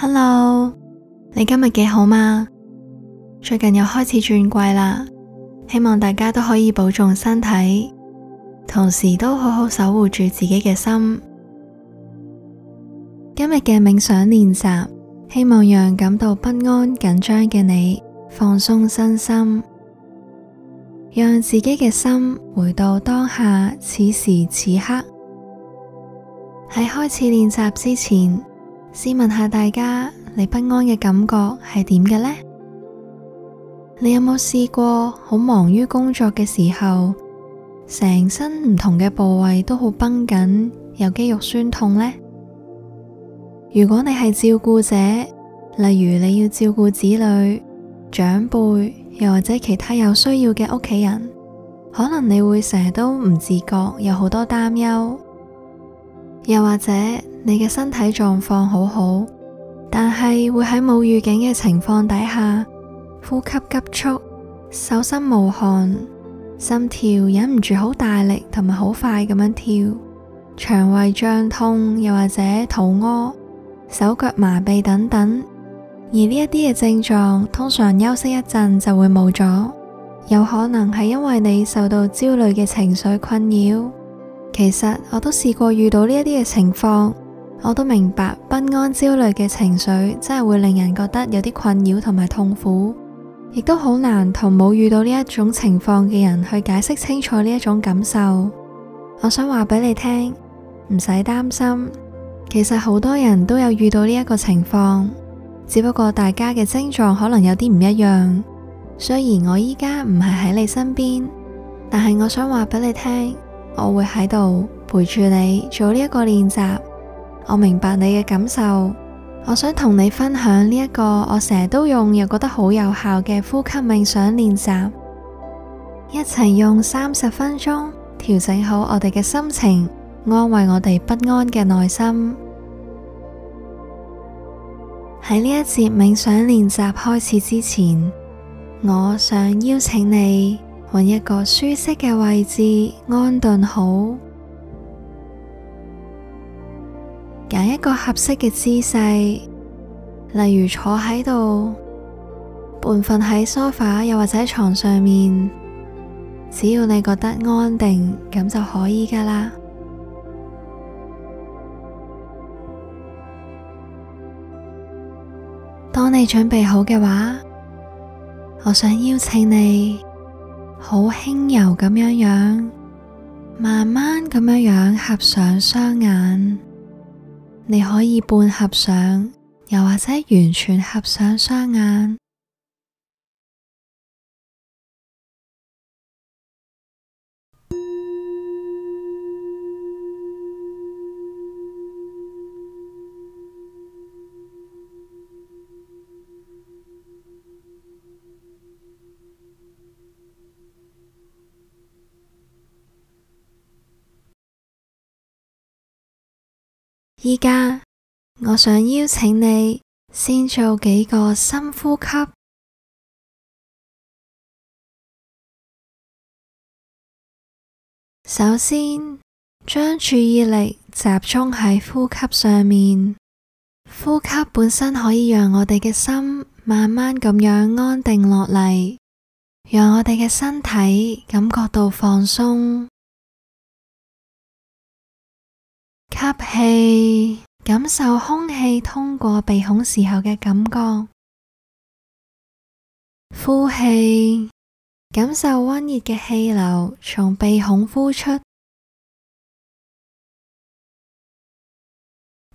Hello，你今日幾好嘛？最近又開始轉季啦，希望大家都可以保重身體，同時都好好守護住自己嘅心。今日嘅冥想練習，希望讓感到不安緊張嘅你放鬆身心，讓自己嘅心回到當下。此時此刻。喺開始練習之前。試問下大家，你不安嘅感覺係點嘅呢？你有冇試過好忙於工作嘅時候，成身唔同嘅部位都好繃緊，有肌肉酸痛呢？如果你係照顧者，例如你要照顧子女、長輩，又或者其他有需要嘅屋企人，可能你會成日都唔自覺有好多擔憂，又或者。你嘅身體狀況好好，但係會喺冇預警嘅情況底下，呼吸急促、手心冒汗、心跳忍唔住好大力同埋好快咁樣跳、腸胃脹痛又或者肚屙、手腳麻痹等等，而呢一啲嘅症狀通常休息一陣就會冇咗，有可能係因為你受到焦慮嘅情緒困擾。其實我都試過遇到呢一啲嘅情況。我都明白不安、焦慮嘅情緒真係會令人覺得有啲困擾同埋痛苦，亦都好難同冇遇到呢一種情況嘅人去解釋清楚呢一種感受。我想話俾你聽，唔使擔心，其實好多人都有遇到呢一個情況，只不過大家嘅症狀可能有啲唔一樣。雖然我依家唔係喺你身邊，但係我想話俾你聽，我會喺度陪住你做呢一個練習。我明白你嘅感受，我想同你分享呢一個我成日都用又覺得好有效嘅呼吸冥想練習，一齊用三十分鐘調整好我哋嘅心情，安慰我哋不安嘅內心。喺呢一節冥想練習開始之前，我想邀請你揾一個舒適嘅位置，安頓好。揀一個合適嘅姿勢，例如坐喺度、半瞓喺梳化，又或者喺床上面，只要你覺得安定，咁就可以噶啦。當你準備好嘅話，我想邀請你，好輕柔咁樣樣，慢慢咁樣樣合上雙眼。你可以半合上，又或者完全合上雙眼。而家，我想邀請你先做幾個深呼吸。首先，將注意力集中喺呼吸上面。呼吸本身可以讓我哋嘅心慢慢咁樣安定落嚟，讓我哋嘅身體感覺到放鬆。吸氣，感受空氣通過鼻孔時候嘅感覺。呼氣，感受溫熱嘅氣流從鼻孔呼出。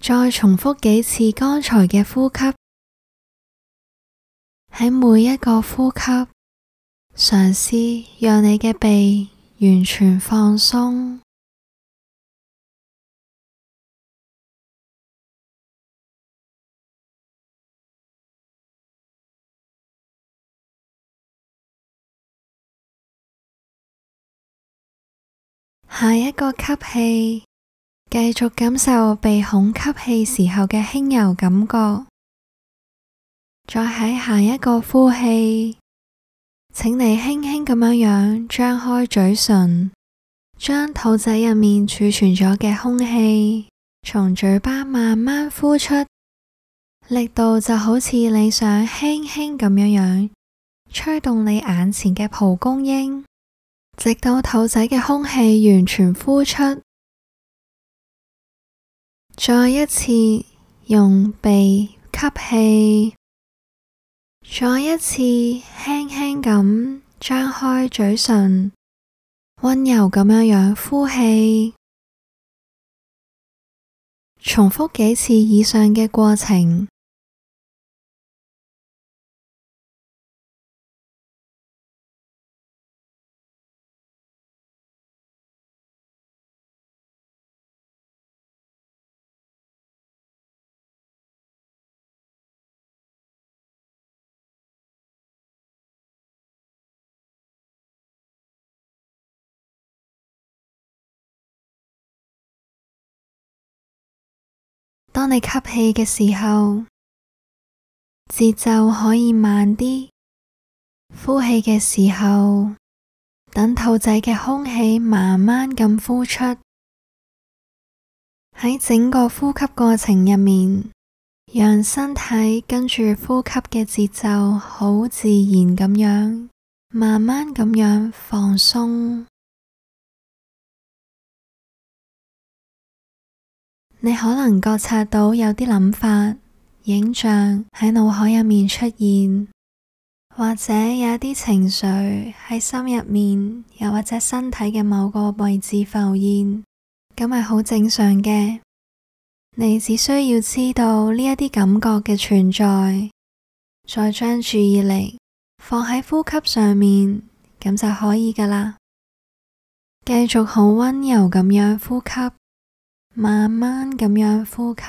再重複幾次剛才嘅呼吸。喺每一個呼吸，嘗試讓你嘅鼻完全放鬆。下一個吸氣，繼續感受鼻孔吸氣時候嘅輕柔感覺。再喺下一個呼氣，請你輕輕咁樣樣，張開嘴唇，將肚仔入面儲存咗嘅空氣從嘴巴慢慢呼出，力度就好似你想輕輕咁樣樣，吹動你眼前嘅蒲公英。直到肚仔嘅空氣完全呼出，再一次用鼻吸氣，再一次輕輕咁張開嘴唇，溫柔咁樣樣呼氣，重複幾次以上嘅過程。當你吸氣嘅時候，節奏可以慢啲；呼氣嘅時候，等肚仔嘅空氣慢慢咁呼出。喺整個呼吸過程入面，讓身體跟住呼吸嘅節奏，好自然咁樣，慢慢咁樣放鬆。你可能覺察到有啲諗法、影像喺腦海入面出現，或者有一啲情緒喺心入面，又或者身體嘅某個位置浮現，咁係好正常嘅。你只需要知道呢一啲感覺嘅存在，再將注意力放喺呼吸上面，咁就可以噶啦。繼續好溫柔咁樣呼吸。慢慢咁樣呼吸。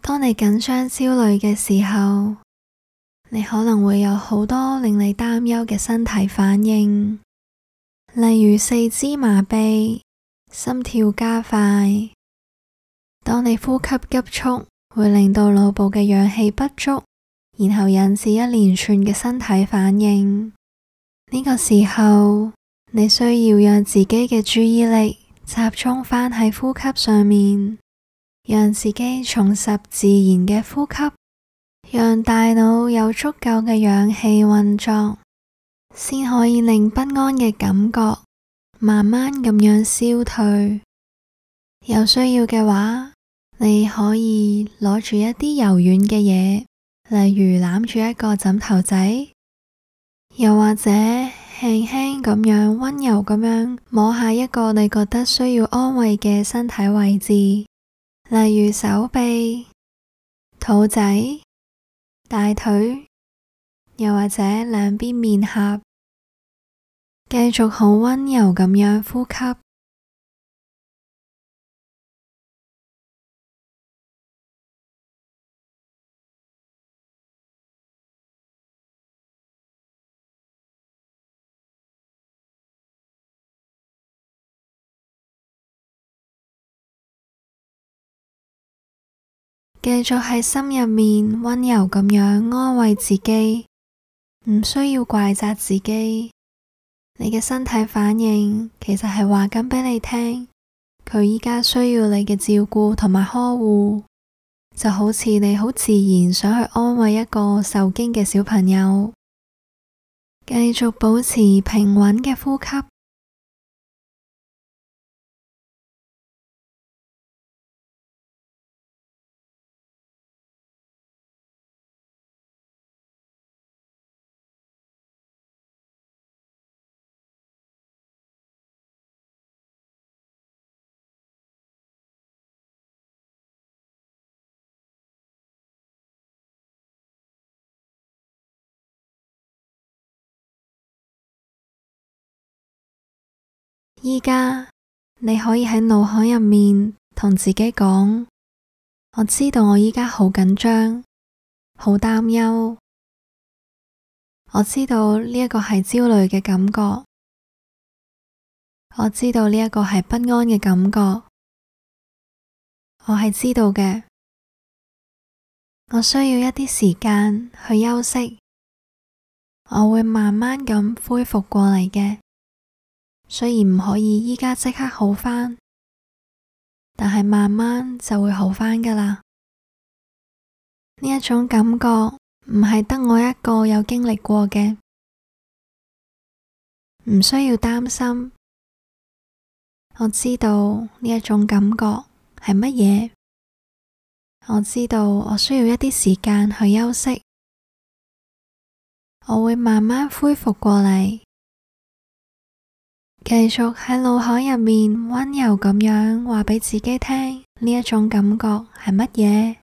當你緊張、焦慮嘅時候，你可能會有好多令你擔憂嘅身體反應。例如四肢麻痹、心跳加快。當你呼吸急促，會令到腦部嘅氧氣不足，然後引致一連串嘅身體反應。呢、呢個時候，你需要讓自己嘅注意力集中翻喺呼吸上面，讓自己重拾自然嘅呼吸，讓大腦有足夠嘅氧氣運作，先可以令不安嘅感覺慢慢咁樣消退。有需要嘅話，你可以攞住一啲柔軟嘅嘢，例如攬住一個枕頭仔，又或者輕輕咁樣溫柔咁樣摸一下一個你覺得需要安慰嘅身體位置，例如手臂、肚仔、大腿，又或者兩邊面頰。繼續好温柔咁樣呼吸，繼續喺心入面温柔咁樣安慰自己，唔需要怪責自己。你嘅身體反應其實係話緊畀你聽，佢依家需要你嘅照顧同埋呵護，就好似你好自然想去安慰一個受驚嘅小朋友。繼續保持平穩嘅呼吸。依家你可以喺腦海入面同自己講，我知道我依家好緊張，好擔憂。我知道呢一個係焦慮嘅感覺，我知道呢一個係不安嘅感覺。我係知道嘅，我需要一啲時間去休息，我會慢慢咁恢復過嚟嘅。雖然唔可以而家即刻好翻，但係慢慢就會好翻噶啦。呢一種感覺唔係得我一個有經歷過嘅，唔需要擔心。我知道呢一種感覺係乜嘢，我知道我需要一啲時間去休息，我會慢慢恢復過嚟。繼續喺腦海入面温柔咁樣，話畀自己聽，呢一種感覺係乜嘢？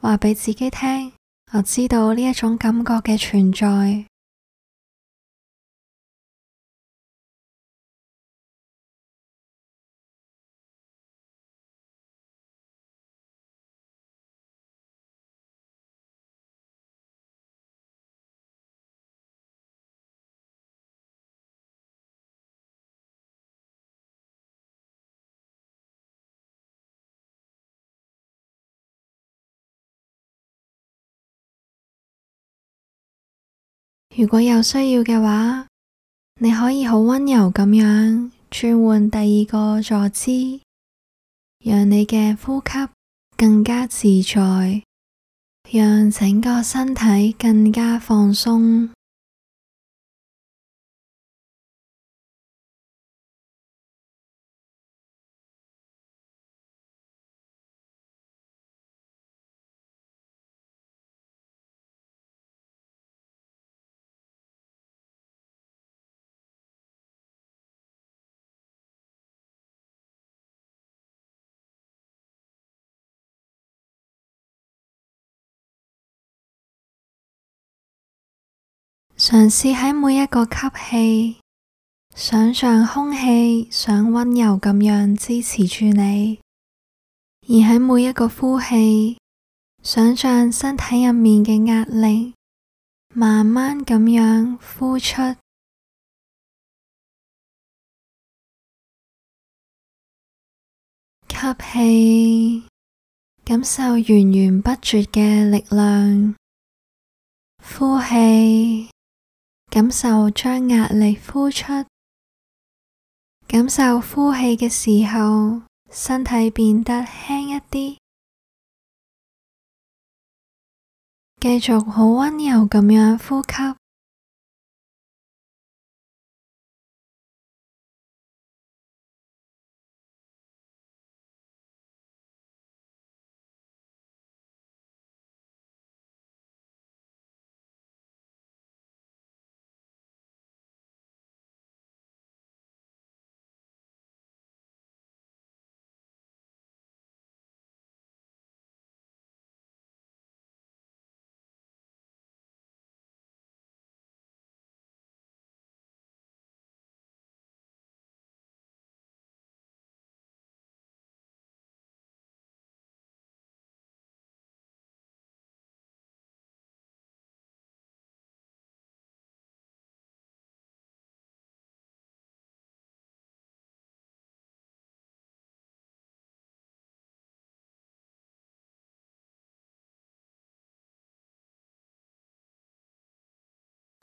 話畀自己聽，我知道呢一種感覺嘅存在。如果有需要嘅話，你可以好溫柔咁樣轉換第二個坐姿，讓你嘅呼吸更加自在，讓整個身體更加放鬆。嘗試喺每一個吸氣，想象空氣想温柔咁樣支持住你；而喺每一個呼氣，想象身體入面嘅壓力慢慢咁樣呼出。吸氣，感受源源不絕嘅力量；呼氣。感受將壓力呼出，感受呼氣嘅時候，身體變得輕一啲，繼續好温柔咁樣呼吸。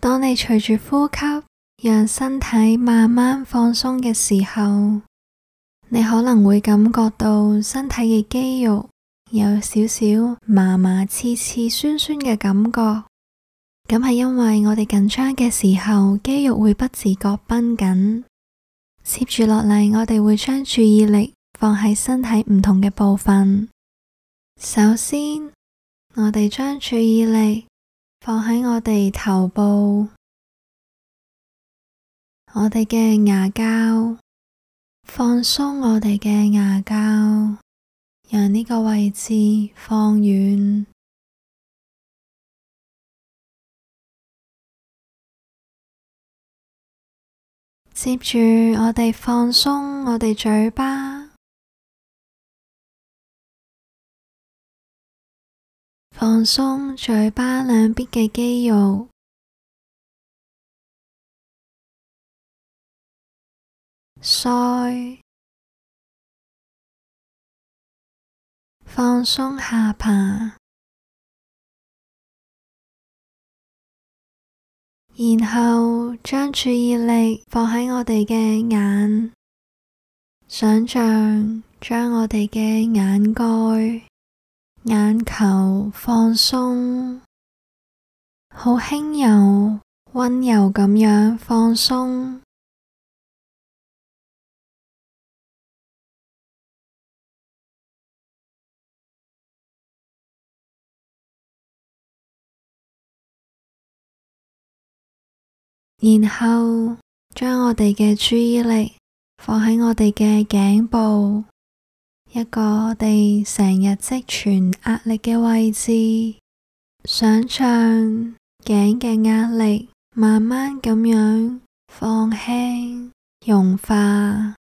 當你隨住呼吸，讓身體慢慢放鬆嘅時候，你可能會感覺到身體嘅肌肉有少少麻麻、刺刺、酸酸嘅感覺。咁係因為我哋緊張嘅時候，肌肉會不自覺繃緊。接住落嚟，我哋會將注意力放喺身體唔同嘅部分。首先，我哋將注意力。放喺我哋頭部，我哋嘅牙骹，放鬆我哋嘅牙骹，讓呢個位置放軟。接住我哋放鬆我哋嘴巴。放鬆嘴巴兩邊嘅肌肉，腮放鬆下巴，然後將注意力放喺我哋嘅眼，想象將我哋嘅眼蓋。眼球放鬆，好輕柔、溫柔咁樣放鬆，然後將我哋嘅注意力放喺我哋嘅頸部。一個我哋成日積存壓力嘅位置，想象頸嘅壓力慢慢噉樣放輕、融化。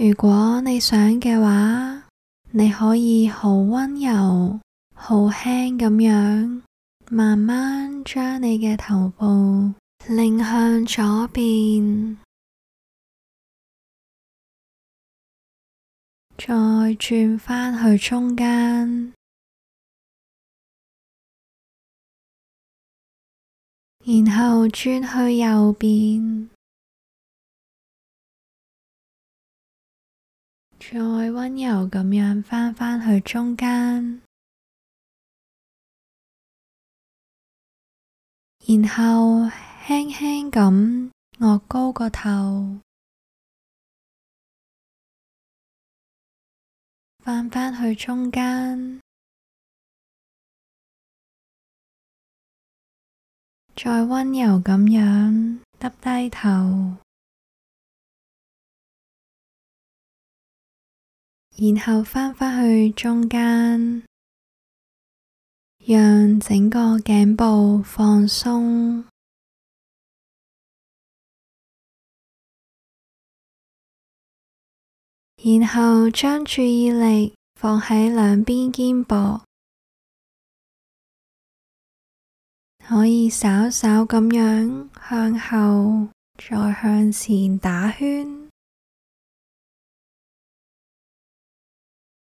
如果你想嘅話，你可以好溫柔、好輕咁樣，慢慢將你嘅頭部擰向左邊，再轉翻去中間，然後轉去右邊。再溫柔咁樣翻返去中間，然後輕輕咁臥高個頭，翻返去中間，再溫柔咁樣耷低頭。然後翻返去中間，讓整個頸部放鬆，然後將注意力放喺兩邊肩部，可以稍稍咁樣向後再向前打圈。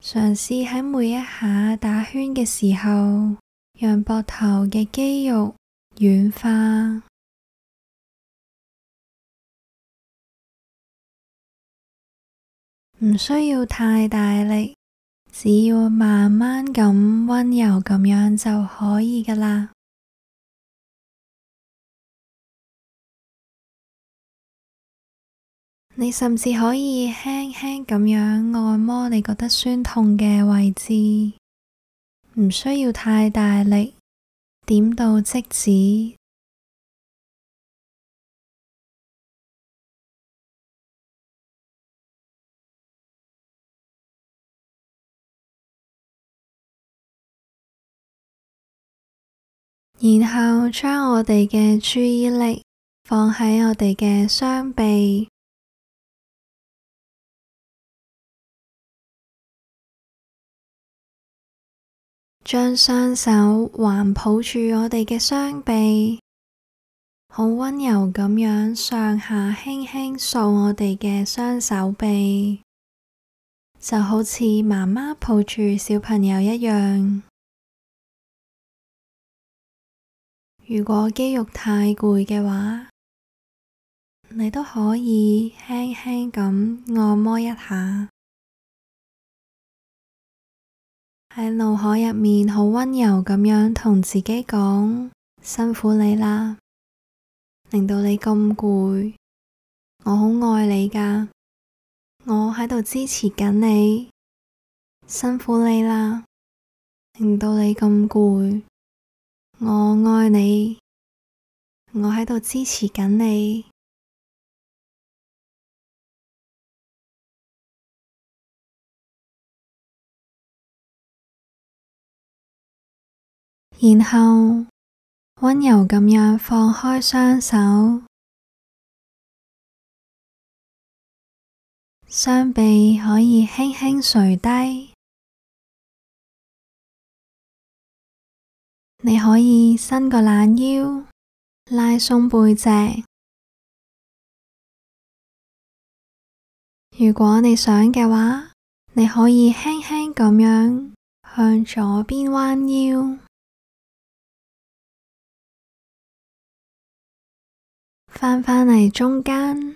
嘗試喺每一下打圈嘅時候，讓膊頭嘅肌肉軟化，唔需要太大力，只要慢慢咁溫柔咁樣就可以㗎喇。你甚至可以輕輕咁樣按摩你覺得痠痛嘅位置，唔需要太大力，點到即止。然後將我哋嘅注意力放喺我哋嘅雙臂。將雙手環抱住我哋嘅雙臂，好溫柔咁樣上下輕輕掃我哋嘅雙手臂，就好似媽媽抱住小朋友一樣。如果肌肉太攰嘅話，你都可以輕輕咁按摩一下。喺腦海入面，好溫柔咁樣同自己講：辛苦你啦，令到你咁攰，我好愛你噶，我喺度支持緊你。辛苦你啦，令到你咁攰，我愛你，我喺度支持緊你。然後溫柔咁樣放開雙手，雙臂可以輕輕垂低。你可以伸個懶腰，拉鬆背脊。如果你想嘅話，你可以輕輕咁樣向左邊彎腰。翻返嚟中間，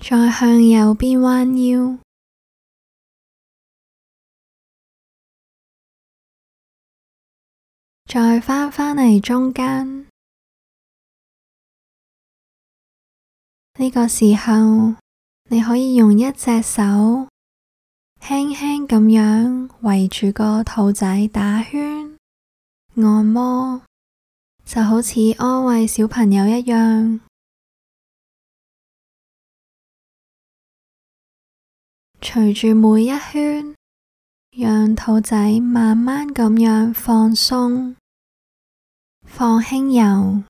再向右邊彎腰，再翻返嚟中間。呢個時候，你可以用一隻手輕輕咁樣圍住個肚仔打圈。按摩就好似安慰小朋友一樣，隨住每一圈，讓肚仔慢慢咁樣放鬆、放輕柔。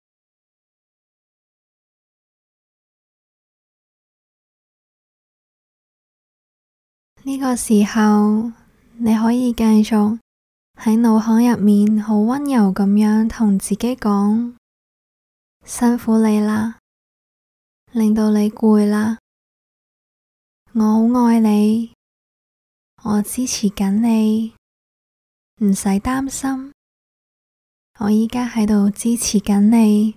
呢、這個時候，你可以繼續。喺腦海入面，好溫柔咁樣同自己講，辛苦你啦，令到你攰啦，我好愛你，我支持緊你，唔使擔心，我而家喺度支持緊你，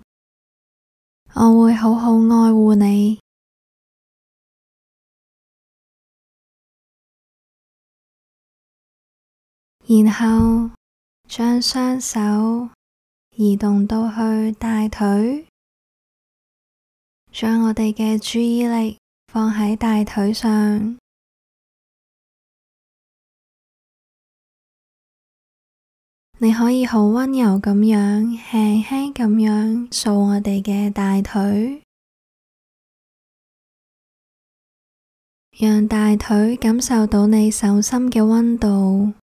我會好好愛護你。然後將雙手移動到去大腿，將我哋嘅注意力放喺大腿上。你可以好溫柔咁樣，輕輕咁樣掃我哋嘅大腿，讓大腿感受到你手心嘅溫度。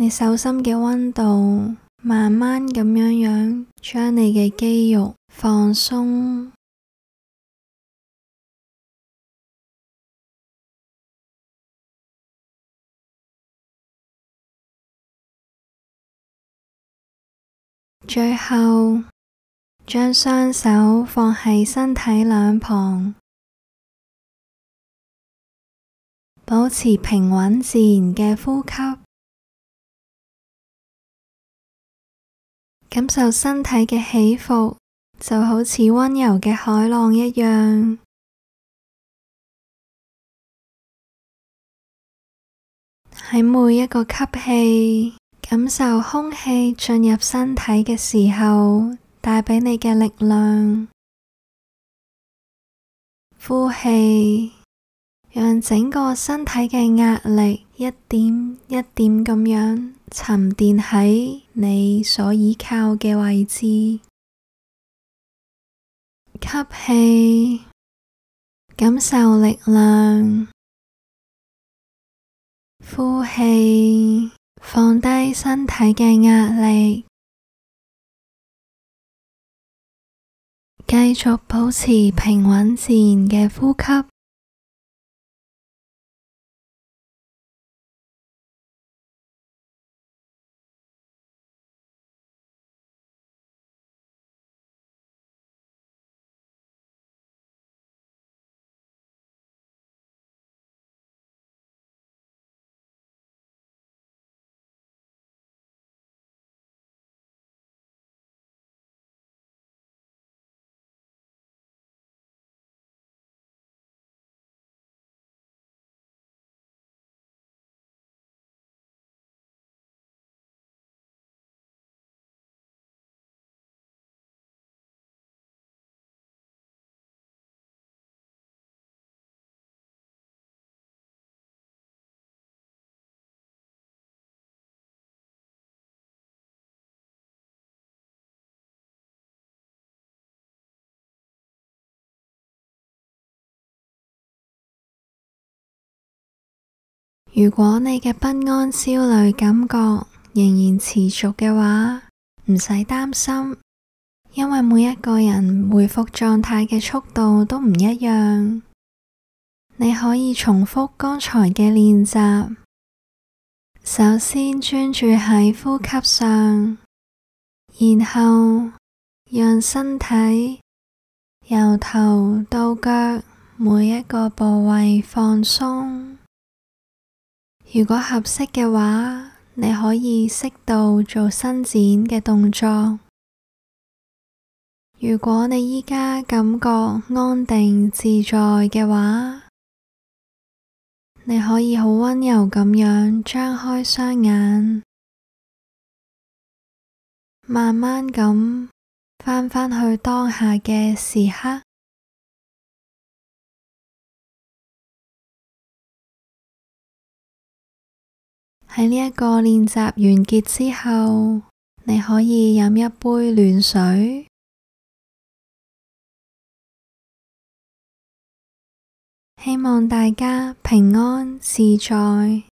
你手心嘅溫度，慢慢咁樣樣將你嘅肌肉放鬆，最後將雙手放喺身體兩旁，保持平穩自然嘅呼吸。感受身體嘅起伏，就好似溫柔嘅海浪一樣。喺每一個吸氣，感受空氣進入身體嘅時候，帶畀你嘅力量。呼氣，讓整個身體嘅壓力一點一點咁樣。沉澱喺你所倚靠嘅位置，吸氣，感受力量，呼氣，放低身體嘅壓力，繼續保持平穩自然嘅呼吸。如果你嘅不安、焦慮感覺仍然持續嘅話，唔使擔心，因為每一個人回復狀態嘅速度都唔一樣。你可以重複剛才嘅練習，首先專注喺呼吸上，然後讓身體由頭到腳每一個部位放鬆。如果合適嘅話，你可以適度做伸展嘅動作。如果你而家感覺安定自在嘅話，你可以好溫柔咁樣張開雙眼，慢慢咁翻返去當下嘅時刻。喺呢一個練習完結之後，你可以飲一杯暖水。希望大家平安自在。